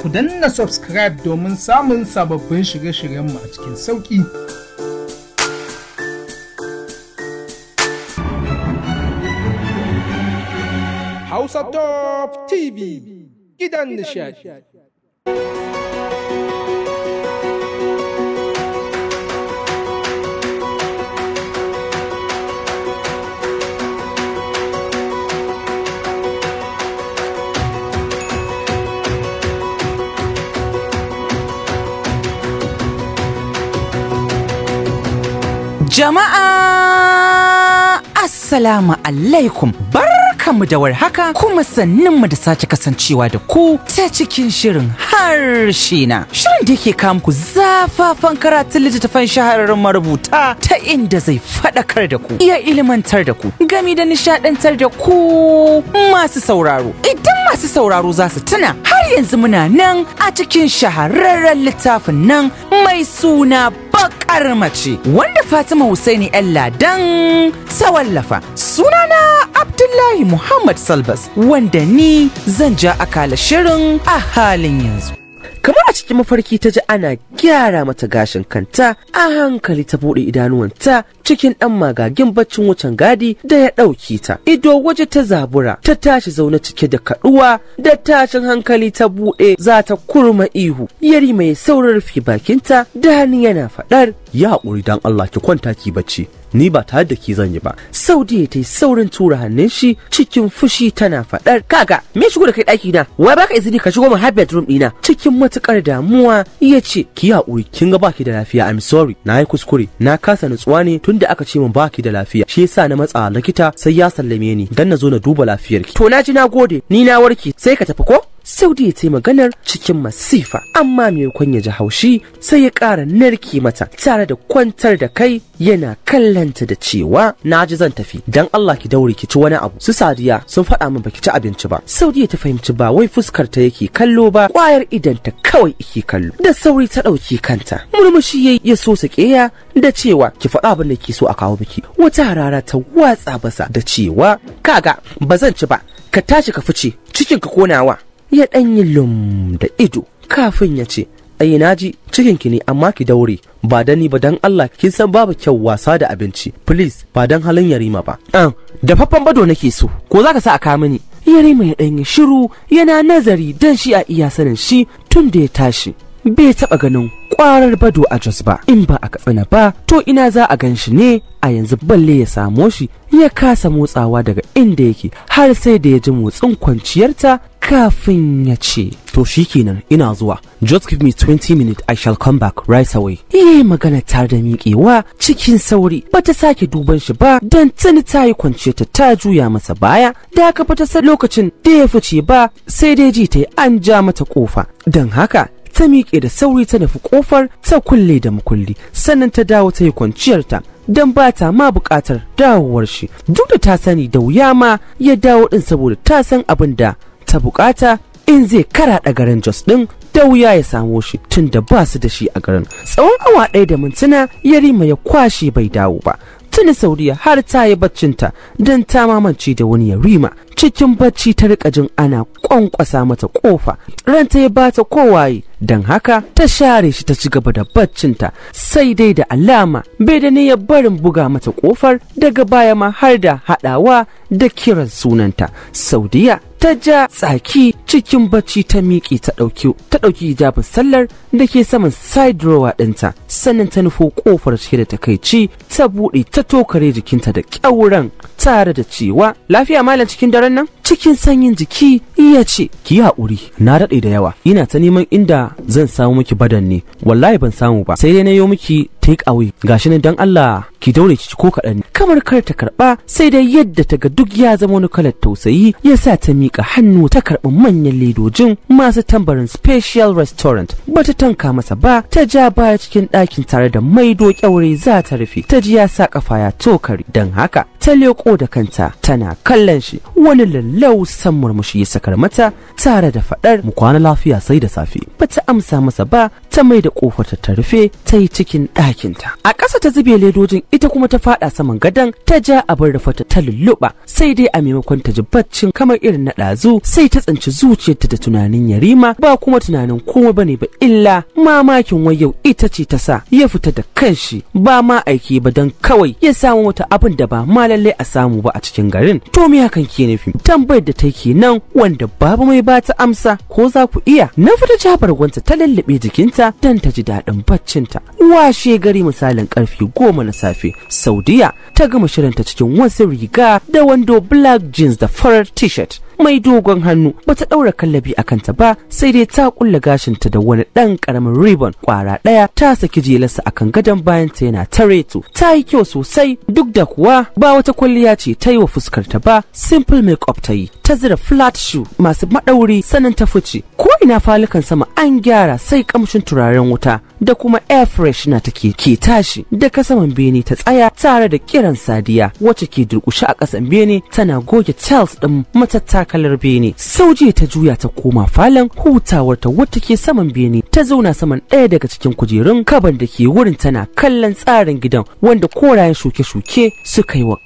ku danna subscribe domin samun sababbin shirye-shiryenmu a cikin sauƙi. Hausa Top TV gidan nishadi. جماعة السلام عليكم بر mu da haka kuma mu da sace kasancewa da ku ta cikin shirin harshe na. Shirin da yake kawo muku zafafan karatun littattafan shahararren marubuta ta inda zai faɗakar da ku, iya ilimantar da ku, gami da nishaɗantar da ku masu sauraro. Idan masu sauraro za su tuna har yanzu muna nan a cikin shahararren littafin nan mai suna baƙar mace wanda Fatima Hussaini 'yan ladan ta wallafa. sunana Abdullahi Muhammad Salbas wanda ni zan ja akala shirin a halin yanzu. Kamar a cikin mafarki ta ji ana gyara mata gashin kanta a hankali ta buɗe idanuwanta cikin ɗan magagin baccin wucin gadi da ya ɗauki ta. Ido waje ta zabura ta tashi zaune cike da kaɗuwa da tashin hankali ta buɗe za ta kurma ihu. Yari mai saurin rufe bakinta da hannu yana faɗar. Ya haƙuri dan Allah ki kwanta ki bacci ni ba tare da ki zan yi ba saudiya ta yi saurin tura hannun shi cikin fushi tana faɗar kaga me shigo da kai ɗaki na wai baka izini ka shigo mu har bedroom ɗina cikin matukar damuwa ya ce ki haƙuri kin ga baki da lafiya i'm sorry na yi kuskure na kasa nutsuwa ne tunda aka ce min baki da lafiya shi yasa na matsa likita sai ya sallame ni dan na zo na duba lafiyarki to na ji na gode ni na warke sai ka tafi ko saudi ta yi maganar cikin masifa amma maimakon ya ji haushi sai ya kara narki mata tare da kwantar da kai yana kallanta da cewa na ji zan tafi dan Allah ki daure ki ci wani abu su sadiya sun faɗa min baki ci abinci ba saudi ta fahimci ba wai fuskar ta yake kallo ba kwayar ta kawai yake kallo da sauri ta ɗauki kanta murmushi yayi ya so sakeya da cewa ki faɗa abin da ki so a kawo biki. wata harara ta watsa basa da cewa kaga ba zan ci ba ka tashi ka fice cikin ka konawa ya ɗan yi lum da ido kafin ya ce yi na cikin ki ne amma ki daure ba dani ba dan Allah kin san babu kyau wasa da abinci please ba dan halin yarima ba da faffan bado nake so ko zaka sa a ka mini yarima ya ɗan yi shiru yana nazari dan shi a iya sanin shi tun da ya tashi bai taɓa ganin ƙwarar bado a Jos ba in ba a katsina ba to ina za a gan shi ne a yanzu balle ya samo shi ya kasa motsawa daga inda yake har sai da ya ji motsin kwanciyarta kafin ya ce to shi shikenan ina zuwa just give me 20 minutes i shall come back right away eh magana ta da miƙewa cikin sauri bata sake duban shi ba don tuni ta yi kwance ta ta juya masa baya da ka fita sai lokacin da ya fice ba sai dai ji ta an ja mata kofa don haka ta miƙe da sauri ta nufi kofar ta kulle da makulli sannan ta dawo ta yi kwanciyarta don ba ta ma buƙatar dawowar shi duk da ta sani da wuya ma ya dawo din saboda ta san abin da ta bukata in zai karaɗa garin Jos ɗin da wuya ya samo shi tun da ba su da shi a garin. Tsawon awa ɗaya da mintuna Yarima ya kwashe bai dawo ba. Tuni Saudiya har ta yi baccinta don ta mamance da wani Yarima cikin bacci ta rika jin ana kwankwasa mata kofa ranta ya bata kowaye don haka ta share shi ta ci gaba da baccinta sai dai da alama bai da ya barin buga mata ƙofar, daga baya ma har da haɗawa da kiran sunanta saudiya ta ja tsaki cikin bacci ta miƙe ta ɗauki ta ɗauki hijabin sallar da ke saman side drawer ɗinta sannan ta nufo ƙofar cike da takaici ta buɗe ta tokare jikinta da ƙyauren tare da cewa lafiya malam cikin daren nan cikin sanyin jiki iya ce ki haƙuri na daɗe da yawa ina ta neman inda zan samu miki badan ne wallahi ban samu ba sai dai na yo miki take away gashi nan dan Allah ki daure ki ko kaɗan kamar kar ta karɓa sai dai yadda ta ga duk ya zama wani kalar tausayi ya sa ta miƙa hannu ta karɓi manyan ledojin masu tambarin special restaurant ba ta tanka masa ba ta ja baya cikin ɗakin tare da maido kyaure za ta rufe ta ji ya sa kafa ya tokari don haka ta leƙo da kanta tana kallon shi wani lalle lausan murmushi ya sakar mata tare da faɗar mu kwana lafiya sai da safe bata amsa masa ba ta mai da kofar ta rufe ta yi cikin ta a ƙasa ta zube ledojin ita kuma ta faɗa saman gadon ta ja abin rufe ta lulluɓa sai dai a maimakon ta ji baccin kamar irin na ɗazu sai ta tsanci zuciyarta da tunanin yarima ba kuma tunanin komai bane ba illa mamakin wayau ita ce ta sa ya fita da kanshi ba ma aiki ba don kawai ya samu wata abin da ba ma lallai a samu ba a cikin garin to me hakan ke nufi tambayar da ta nan wanda babu mai ba ta amsa ko za ku iya na fita jabar gwanta ta lallabe jikinta don ta ji daɗin baccinta washe gari misalin karfe goma na safe saudiya ta gama shirinta cikin wasu riga da wando black jeans da farar t-shirt mai dogon hannu bata ɗaura kallabi a kanta ba sai dai ta kulla gashinta da wani ɗan karamin ribon ƙwara ɗaya ta saki jelarsa akan gadon ta yana tare to ta yi kyau sosai duk da kuwa ba wata kwalliya ce ta yi wa fuskar ta ba simple makeup ta yi ta zira flat shoe masu maɗauri sanin ta fice ko ina falukan sama an gyara sai kamshin turaren wuta da kuma air Fresh na take ke tashi daga saman bene ta tsaya tare da kiran sadiya wacce ke durkushe a kasan bene tana goge tiles ɗin matattakalar bene sauje ta juya ta koma falon hutawar ta wata ke saman bene ta zauna saman ɗaya daga cikin kujerun kaban da ke wurin tana kallon tsarin gidan wanda korayen shuke-shuke suka yi wa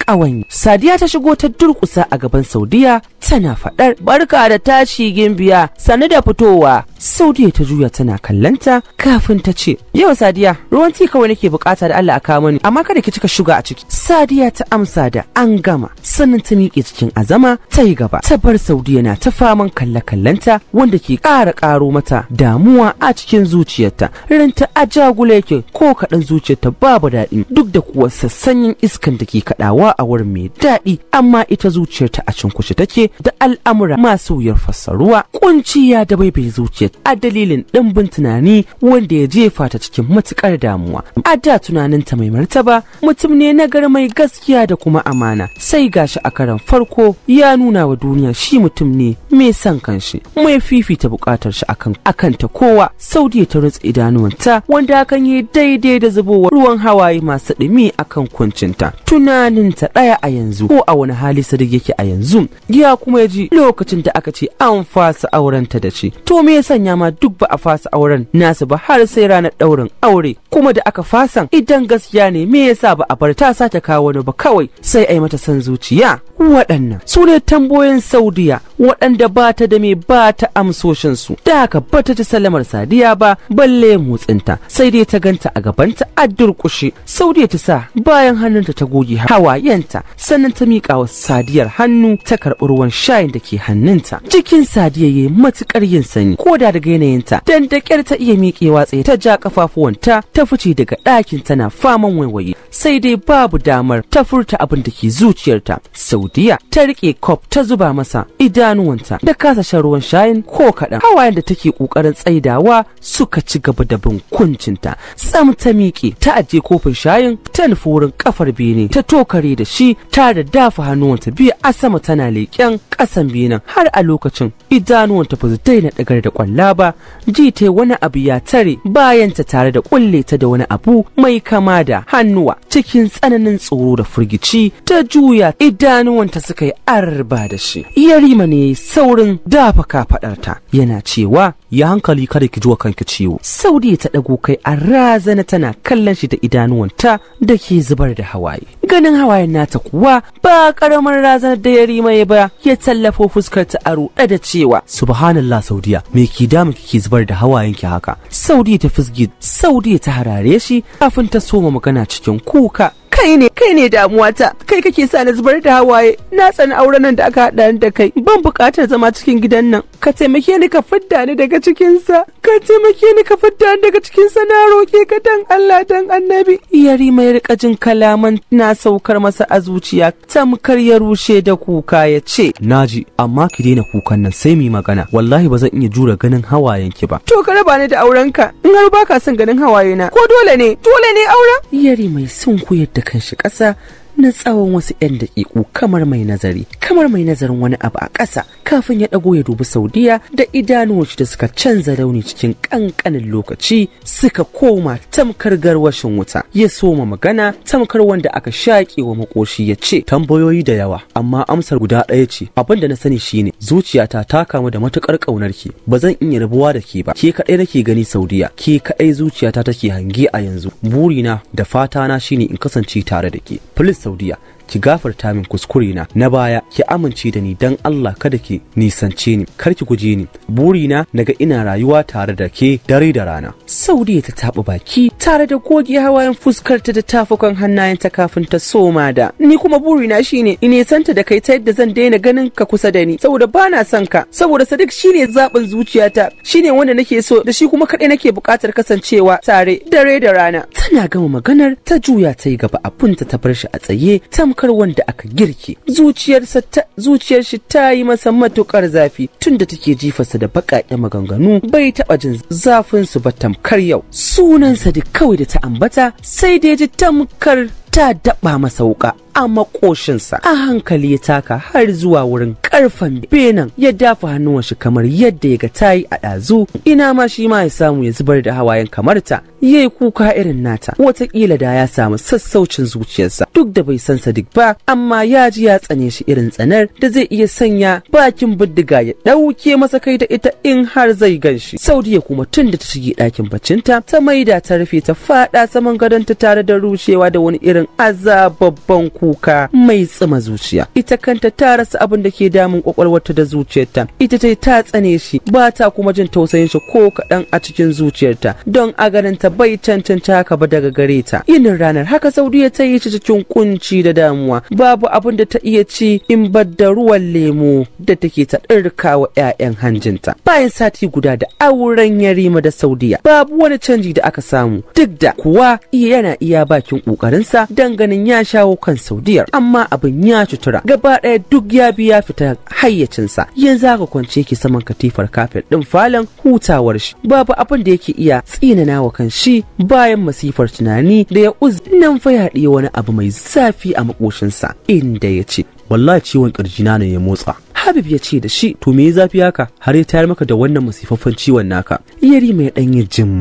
sadiya ta shigo ta durkusa a gaban saudiya tana faɗar barka da tashi gimbiya sani da fitowa Saudiya ta juya tana kallanta kafin ta ce yau Sadiya ruwan ti kawai nake bukata da Allah a kawo mani amma kada ki cika shuga a ciki. Sadiya ta amsa da an gama sannan ta miƙe cikin azama ta yi gaba ta bar Saudiya na ta faman kalla kallanta wanda ke ƙara ƙaro mata damuwa a cikin zuciyarta ranta a jagula yake ko kaɗan zuciyarta babu daɗi duk da kuwa sassanyin iskan da ke kaɗawa a wurin mai daɗi amma ita zuciyarta a cinkushe take da al'amura masu wuyar fassaruwa kunciya da baibai zuciyarta a dalilin ɗimbin tunani wanda ya jefa ta cikin matuƙar damuwa a da tunaninta mai martaba mutum ne na mai gaskiya da kuma amana sai gashi a karan farko ya nuna wa duniya shi mutum ne mai son kanshi mai fifita buƙatar shi akan ta kowa saudiya ta rutsa idanuwanta wanda hakan yi daidai da zubowar ruwan hawaye masu ɗumi akan kuncinta tunaninta ɗaya a yanzu ko a wani hali sadiq yake a yanzu ya kuma ya ji lokacin da aka ce an fasa aurenta da shi to me yasa manya ma duk ba a fasa auren nasu ba har sai ranar ɗaurin aure kuma da aka fasan idan gaskiya ne me yasa ba a bar ta sake kawo wani ba kawai sai a yi mata san zuciya waɗannan su ne tambayoyin saudiya waɗanda ba ta da me ba ta amsoshinsu da haka ba ta ji salamar sadiya ba balle motsinta sai dai ta ganta a gabanta a durƙushe saudiya ta sa bayan hannunta ta goge hawayenta sannan ta miƙa wa sadiyar hannu ta karɓi ruwan shayin da ke hannunta jikin sadiya ya yi matuƙar yin sanyi ko da daga yanayinta dan da ta iya miƙewa tsaye ta ja kafafuwanta ta ta fice daga ɗakin tana faman waiwaye sai dai babu damar ta furta abin da ke zuciyarta saudiya ta riƙe kop ta zuba masa idanuwanta da kasa shan ruwan shayin ko kaɗan hawayen da take ƙoƙarin tsaidawa suka ci gaba da bin kuncinta tsam ta miƙe ta aje kofin shayin ta nufi wurin kafar bene ta tokare da shi ta da dafa hannuwanta biyu a sama tana leƙen ƙasan benen har a lokacin idanuwanta ba su daina ɗagar da ƙwalla ba ji ta wani abu ya tare bayan ta tare da ƙulle ta ta da wani abu mai kama da hannuwa cikin tsananin tsoro da firgici ta juya idanuwanta suka yi arba da shi yarima ne saurin dafa kafaɗarta yana cewa ya hankali kada ki jiwa kanki ciwo saudi ta dago kai a razana tana kallon shi da idanuwanta da ke zubar da hawaye ganin hawayen nata kuwa ba karamar razanar da ya rima ba ya tallafo fuskar ta a ruɗe da cewa subhanallah saudiya me ki damu kike zubar da hawayen ki haka saudiya ta fisgi saudiya ta harare shi kafin ta soma magana cikin kuka kai ne kai ne damuwata kai kake sa na zubar da hawaye na tsani auren nan da aka haɗa da kai ban buƙatar zama cikin gidan nan ka taimake ni ka fidda ni daga cikinsa ka taimake ni ka fidda ni daga cikinsa na roƙe ka dan Allah dan annabi yari mai rika kalaman na saukar masa a zuciya tamkar ya rushe da kuka ya ce naji amma ki daina kukan nan sai mu magana wallahi ba zan iya jura ganin hawayen ki ba to ka raba ni da aurenka in har baka son ganin hawaye na ko dole ne dole ne auren yari mai sun koyar da kanshi ƙasa na tsawon wasu 'yan daƙiƙu kamar mai nazari kamar mai nazarin wani abu a ƙasa kafin ya ɗago ya dubi saudiya da idanuwarsu da suka canza rauni cikin ƙanƙanin lokaci suka koma tamkar garwashin wuta ya soma magana tamkar wanda aka shaƙe wa makoshi ya ce tambayoyi da yawa amma amsar guda ɗaya ce abin da na sani shine zuciyata ta kamu da matuƙar ƙaunar ki ba zan iya rabuwa da ke ba ke kaɗai nake gani saudiya ke kaɗai zuciyata take hange a yanzu burina da fatana shine in kasance tare da ke السعودية ki gafarta min kuskure na na baya ki amince da ni dan Allah kada ki nisance ni kar ki guje ni burina naga ina rayuwa tare da ke dare da rana saudi ta taɓa baki tare da goge hawayen fuskarta da tafukan hannayenta kafin ta soma da ni kuma burina shine in santa da kai ta yadda zan daina ganin ka kusa da ni saboda bana son ka saboda sadik shine zaɓin zuciyata shine wanda nake so da shi kuma kaɗai nake buƙatar kasancewa tare dare da rana tana gama maganar ta juya ta yi gaba abinta ta bar shi a tsaye tamka sukar wanda aka girke zuciyarsa zuciyar shi ta yi masa matukar zafi tunda take jifarsa da bakaƙe maganganu bai taɓa jin zafin su ba tamkar yau sunansa da kawai da ta ambata sai dai ji tamkar ta daɓa masa wuƙa a makoshinsa a hankali ya taka har zuwa wurin karfan benan ya dafa hannuwan shi kamar yadda ya ga tayi a ɗazu ina ma shi ma ya samu ya zubar da hawayen kamar ta ya kuka irin nata watakila da ya samu sassaucin zuciyarsa duk da bai san sadik ba amma ya ji ya tsane shi irin tsanar da zai iya sanya bakin bindiga ya ɗauke masa kai da ita in har zai gan shi saudiya kuma tun da ta shige ɗakin bacinta ta maida ta rufe ta faɗa saman gadon ta tare da rushewa da wani irin azababban kuka mai tsima zuciya ita kanta ta rasa abin da ke damun kwakwalwarta da zuciyarta ita ta ta tsane shi ba ta kuma jin tausayin shi ko kaɗan a cikin zuciyarta don a ganin ta bai cancanta haka ba daga gare ta yinin ranar haka saudiya ta yi shi cikin kunci da damuwa babu abin da ta iya ci in bar da ruwan lemo da take ta ɗirka wa 'ya'yan hanjinta bayan sati guda da auren yarima da saudiya babu wani canji da aka samu duk da kuwa yana iya bakin ƙoƙarinsa dan ganin ya shawo kansa saudiyar amma abin ya cutura gaba ɗaya duk ya bi ya fita hayyacinsa yanzu aka kwance ki saman katifar kafin? ɗin falon hutawar shi babu abin da yake iya tsinana wa kan shi bayan masifar tunani da ya uz nan fa ya wani abu mai zafi a makoshinsa inda ya ce wallahi ciwon ƙirjina ne ya motsa habib ya ce da shi to me zafi haka har ya tayar maka da wannan masifaffan ciwon naka iyari mai ɗanyi jim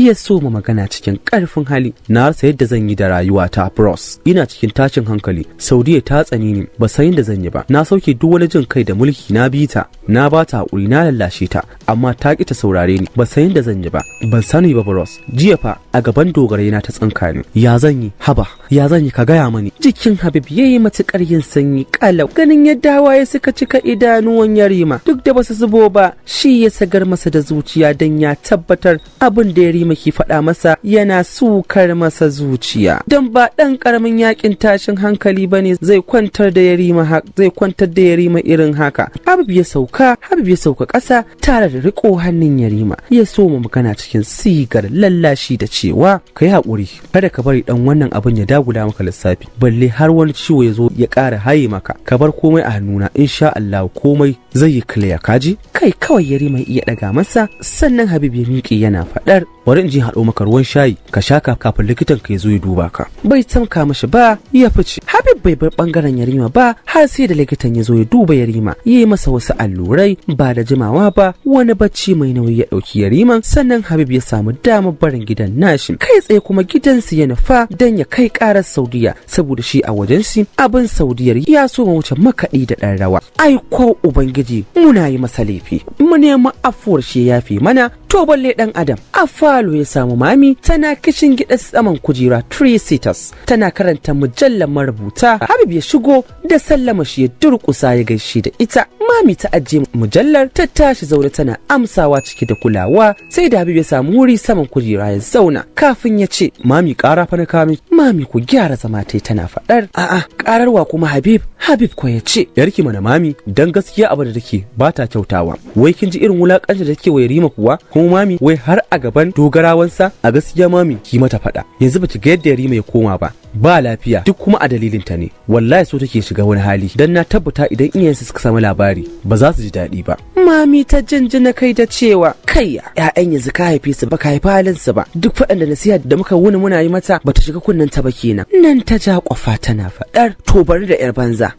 iya so ma magana cikin karfin hali na rasa yadda zan yi da rayuwa ta bros ina cikin tashin hankali saudiya ta tsani ni ba san yadda zan yi ba na sauke duk wani jin kai da mulki na bi ta na ba ta hakuri na lallashe ta amma ta ki ta saurare ni ba san yadda zan yi ba ban sani ba bros jiya fa a gaban dogarai na ta tsinka ni ya zan yi haba ya zan yi ka gaya mani jikin habib yayi matukar yin sanyi kalau ganin yadda hawaye suka cika cika idanuwan yarima duk da basu zubo ba shi ya sagar masa da zuciya don ya tabbatar abin da yarima ke faɗa masa yana sukar masa zuciya don ba ɗan ƙaramin yakin tashin hankali ba ne zai kwantar da yarima zai kwantar da yarima irin haka habib ya sauka habib ya sauka ƙasa tare da riƙo hannun yarima ya so mu magana cikin sigar lallashi da cewa ka yi haƙuri kada ka bari ɗan wannan abin ya dagula maka lissafi balle har wani ciwo ya zo ya ƙara haye maka ka bar komai a hannuna insha Allah komai zai yi clear kaji kai kawai yari mai iya daga masa sannan habib ya miƙe yana faɗar bari in ji haɗo maka ruwan shayi ka sha kafin likitan ka ya zo ya duba ka bai tamka mashi ba ya fice habib bai bar bangaren yarima ba har sai da likitan ya zo ya duba yarima ya yi masa wasu allurai ba da jimawa ba wani bacci mai nauyi ya ɗauki yariman sannan habib ya samu damar barin gidan nashi kai tsaye kuma gidansu ya nufa dan ya kai karar saudiya saboda shi a wajen shi abin saudiyar ya so ma wuce makaɗi da ɗan rawa ai ko ubangiji ubangiji muna yi masa laifi mu nema afuwar shi ya yafi mana to balle dan adam a falo ya samu mami tana kishin gida saman kujera three seaters tana karanta mujallar marubuta habib ya shigo da sallama shi ya durkusa ya gaishe da ita mami ta ajiye mujallar ta tashi zaune tana amsawa ciki da kulawa sai da habib ya samu wuri saman kujera ya zauna kafin ya ce mami kara fa na kami mami ku gyara zama tai tana faɗar a'a kararwa kuma habib habib ko ya ce yarki mana mami dan gaskiya abu da take bata kyautawa wai kin ji irin wulakancin da take wayarima kuwa kuwa kuma mami wai har a gaban dogarawansa a gaskiya mami ki mata faɗa yanzu baki ga yadda yari mai koma ba ba lafiya duk kuma a dalilin ta ne wallahi so take shiga wani hali dan na tabbata idan su suka samu labari ba za su ji daɗi ba mami ta jinjina kai da cewa kayya ƴaƴan yanzu ka haife su ba ka haifi halin su ba duk faɗan da nasiha da muka wuni muna yi mata bata shiga kunnen ta ba kenan nan ta ja kwafa tana faɗar to bari da yar banza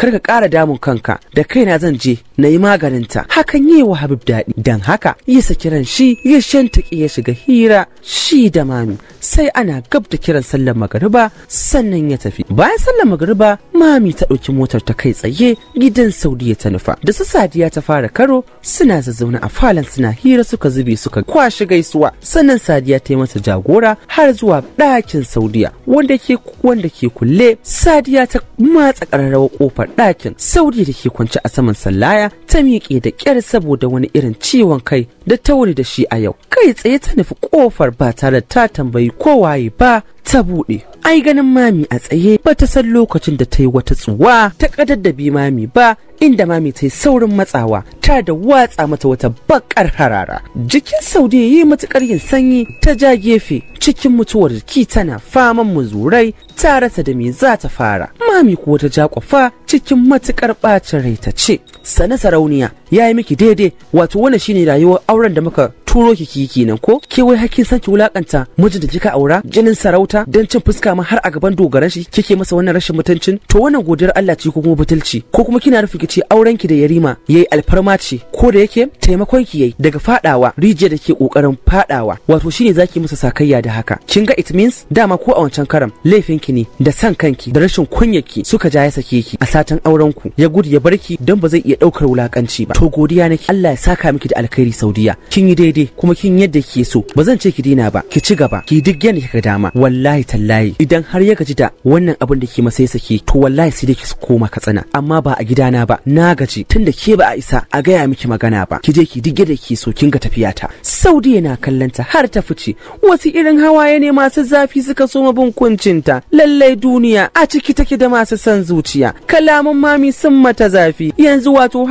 kar ka ƙara damun kanka da kaina zan je na yi maganin ta hakan yi wa habib daɗi dan haka ya sa kiran shi ya shanta ya shiga hira shi da mami sai ana gab da kiran sallar magariba sannan ya tafi bayan sallar magariba mami ta ɗauki motar ta kai tsaye gidan saudiya ta nufa da su sadiya ta fara karo suna zazzauna a falon suna hira suka zube suka kwashi gaisuwa sannan sadiya ta yi masa jagora har zuwa ɗakin saudiya wanda ke wanda ke kulle sadiya ta matsa ƙararrawar ƙofar ɗakin sauri da ke kwance a saman sallaya ta miƙe da ƙyar saboda wani irin ciwon kai da ta da shi a yau kai tsaye ta nufi ƙofar ba tare ta tambayi kowaye ba ta buɗe ai ganin mami a tsaye ba ta san lokacin da ta yi wata tsuwa ta ƙadaddabi mami ba inda mami ta yi saurin matsawa ta da watsa mata wata bakar harara jikin saudi ya yi matukar yin sanyi ta ja gefe cikin mutuwar jiki tana faman muzurai ta rasa da me za ta fara mami kuwa ta ja kwafa cikin matukar bacin rai ta ce sana sarauniya ya yi miki daidai wato wani shine rayuwar auren da muka turo ki kiki kenan ko ke wai hakkin san ki wulakanta mijin da kika aura jinin sarauta dan cin fuska ma har a gaban dogaran shi kike masa wannan rashin mutuncin to wannan godiyar Allah ce ko kuma butulci ko kuma kina rufe kici auren ki da yarima yayi alfarma ce ko da yake taimakon ki yayi daga fadawa rijiya da ke kokarin fadawa wato shine zaki masa sakayya da haka kin ga it means dama ko a wancan karam laifin ki ne da san kanki da rashin ki suka ja ya sake ki a satan auren ku ya gudu ya barki don ba zai iya daukar wulakanci ba to godiya nake Allah ya saka miki da alkhairi Saudiya kin yi daidai daidai kuma kin yadda kike so ba zan ce ki dina ba ki ci gaba ki duk yadda kika dama wallahi tallahi idan har ya gaji da wannan abin da ke masa sake to wallahi sai dai ki koma katsina amma ba a na ba na gaji tunda ke ba a isa a gaya miki magana ba ki je ki duk yadda kike so kin ga ta. saudi yana kallanta har ta fice wasu irin hawaye ne masu zafi suka so mabin kuncinta lallai duniya a ciki take da masu son zuciya kalaman mami sun mata zafi yanzu wato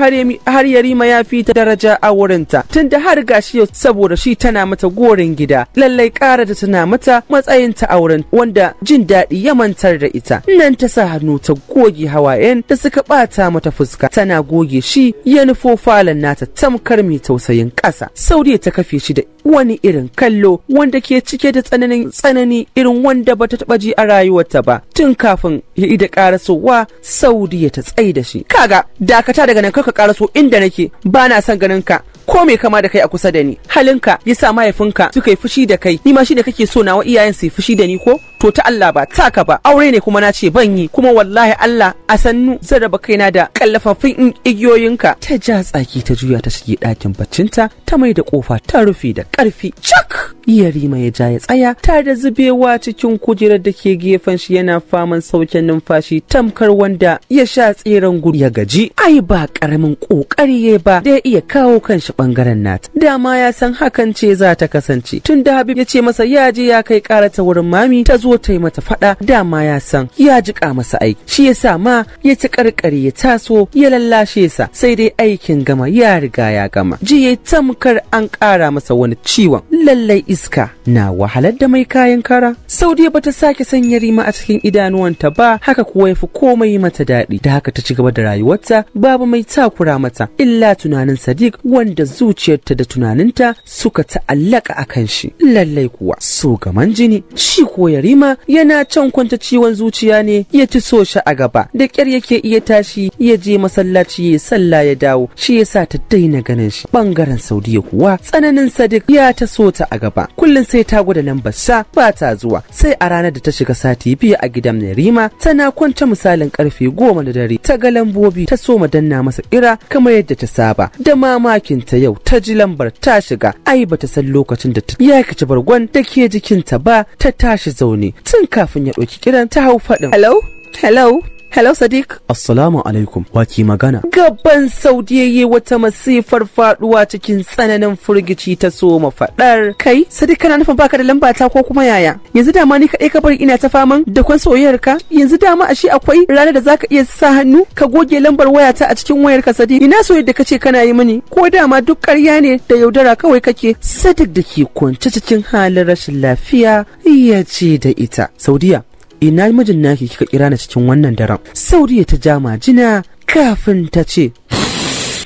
har yarima ya fi ta daraja a wurinta tunda har gashi yau saboda shi tana mata gorin gida lallai ƙara da tana mata matsayin ta auren wanda jin daɗi ya mantar da ita nan ta sa hannu ta goge hawayen da suka ɓata mata fuska tana goge shi ya nufo falon nata tamkar mai tausayin ƙasa saudiya ta kafe shi da wani irin kallo wanda ke cike da tsananin tsanani irin wanda bata taba ji a rayuwarta ba tun kafin ya ida ƙarasowa saudiya ta tsai da shi kaga dakata daga nan kaka karaso inda nake ba na son ganin ka ko mai kama da kai a kusa da ni halinka yasa mahaifinka suka yi fushi da kai ni ma shi da kake so nawa iyayen su yi fushi da ni ko to ta Allah ba ta ka ba aure ne kuma na ce ban yi kuma wallahi Allah a sannu zan raba kaina da kallafafin igiyoyinka ta ja tsaki ta juya ta shige ɗakin baccinta ta mai da kofa ta rufe da ƙarfi cak iyari ya ja ya tsaya tare da zubewa cikin kujerar da ke gefen shi yana faman saukin numfashi tamkar wanda ya sha tseren gudu ya gaji ai ba karamin kokari ya ba da iya kawo kanshi bangaren nata dama ya san hakan ce za ta kasance tun da habib ya ce masa ya je ya kai karata wurin mami ta zo ta yi mata fada dama ya san ya jika masa aiki shi yasa ma ya ci karkare ya taso ya lallashe sa sai dai aikin gama ya riga ya gama ji ya tamkar an kara masa wani ciwon lallai iska na wahalar da mai kayan kara saudiya bata sake sanya rima a cikin idanuwanta ba haka kuwa ya fi komai mata daɗi da haka ta ci gaba da rayuwarta babu mai takura mata illa tunanin sadiq wanda zuciyarta da tunaninta suka ta'allaka a kan shi lallai kuwa so gaman jini shi ko yarima yana can kwanta ciwon zuciya ne ya ci so shi a gaba da kyar yake iya tashi ya je masallaci ya sallah ya dawo shi ya sa ta daina ganin shi bangaren saudiya kuwa tsananin sadiq ya ta so ta a gaba kullum sai ta gwada lambar sa ba ta zuwa sai a ranar da ta shiga sati biyu a gidan yarima tana kwance misalin karfe goma da dare ta ga lambobi ta so danna masa kira kamar yadda ta saba da mamakin ta yau ta ji lambar ta shiga ai bata san lokacin da ta yakace bargon da ke jikinta ba ta tashi zaune tun kafin ya ɗauki kiran ta hau faɗin hello hello Hello Sadiq. Assalamu alaikum. ki magana. Gaban saudiyayye wata masifar faduwa cikin tsananin furgici ta soma fadar. Kai, Sadiq kana nufin baka da lamba ta ko kuma yaya? Yanzu dama ni kaɗai ka bar ina ta faman da kun soyayyar ka? Yanzu dama ashe akwai ranar da zaka iya sa hannu ka goge lambar waya ta a cikin wayar ka Sadiq. Ina soyayyar da kace kana yi mini ko dama duk ƙarya ne da yaudara kawai kake. Sadiq da ke kwance cikin halin rashin lafiya ya ce da ita. Saudiya, ina mijin naki kika kira ni cikin wannan daren sauriya ta ja majina kafin ta ce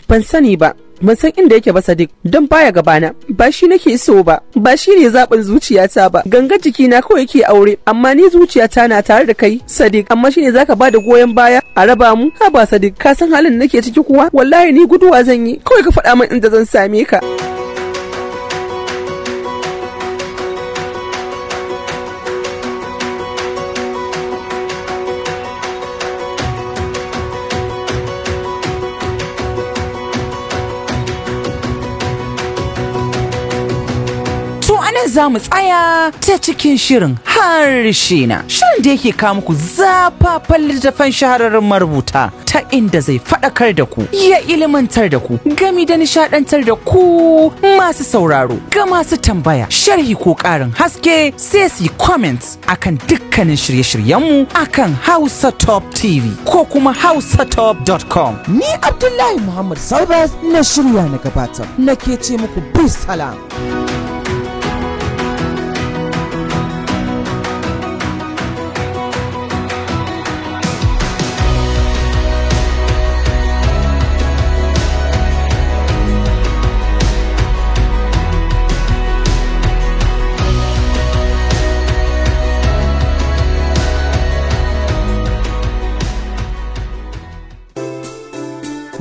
ban sani ba ban san inda yake ba Sadik don baya gabana ba shi nake so ba ba shi ne zaɓin zuciyata ba ganga jiki na kawai yake aure amma ni zuciyata na tare da kai Sadik. amma shi ne zaka bada goyon baya a raba mu ha ba sadik ka san halin nake ciki kuwa wallahi ni guduwa zan yi kawai ka faɗa min inda zan same ka. za mu tsaya ta cikin shirin harshe na shirin da yake kawo muku zafafan littafan shahararren marubuta ta inda zai faɗakar da ku ya ilimantar da ku gami da nishaɗantar da ku masu sauraro ga masu tambaya sharhi ko ƙarin haske sai su yi comments akan dukkanin shirye-shiryenmu akan hausa top tv ko kuma hausatop.com ni abdullahi muhammad salbas na shirya na gabatar nake ce muku bisalam. salam